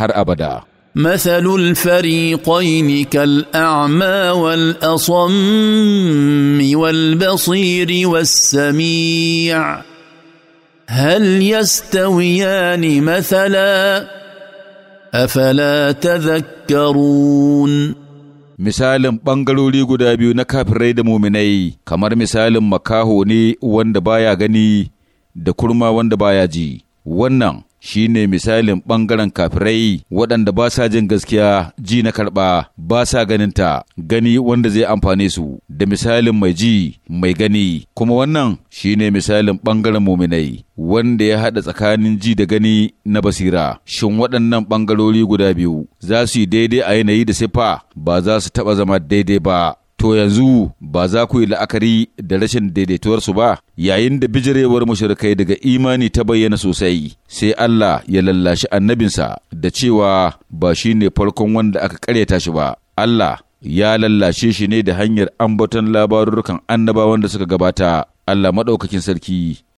har abada. مثل الفريقين كالأعمى والأصم والبصير والسميع هل يستويان مثلا أفلا تذكرون misalin ɓangarori guda biyu na kafirai da muminai kamar misalin makaho ne wanda baya gani da kurma wanda baya ji wannan shi ne misalin ɓangaren kafirai waɗanda ba sa jin gaskiya ji na karɓa ba sa ganinta gani wanda zai amfane su da misalin mai ji mai gani kuma wannan shi ne misalin ɓangaren muminai wanda ya haɗa tsakanin ji da gani na basira shin waɗannan ɓangarori guda biyu za su yi daidai a yanayi da siffa ba za su taɓa zama daidai ba to yanzu ba za ku yi la'akari da rashin daidaituwarsu ba yayin da bijirewar mushrikai daga imani ta bayyana sosai sai Allah ya lallashi annabinsa da cewa ba shi ne farkon wanda aka karyata shi ba Allah ya lallashe shi ne da hanyar ambaton labarurukan annabawan da suka gabata Allah maɗaukakin sarki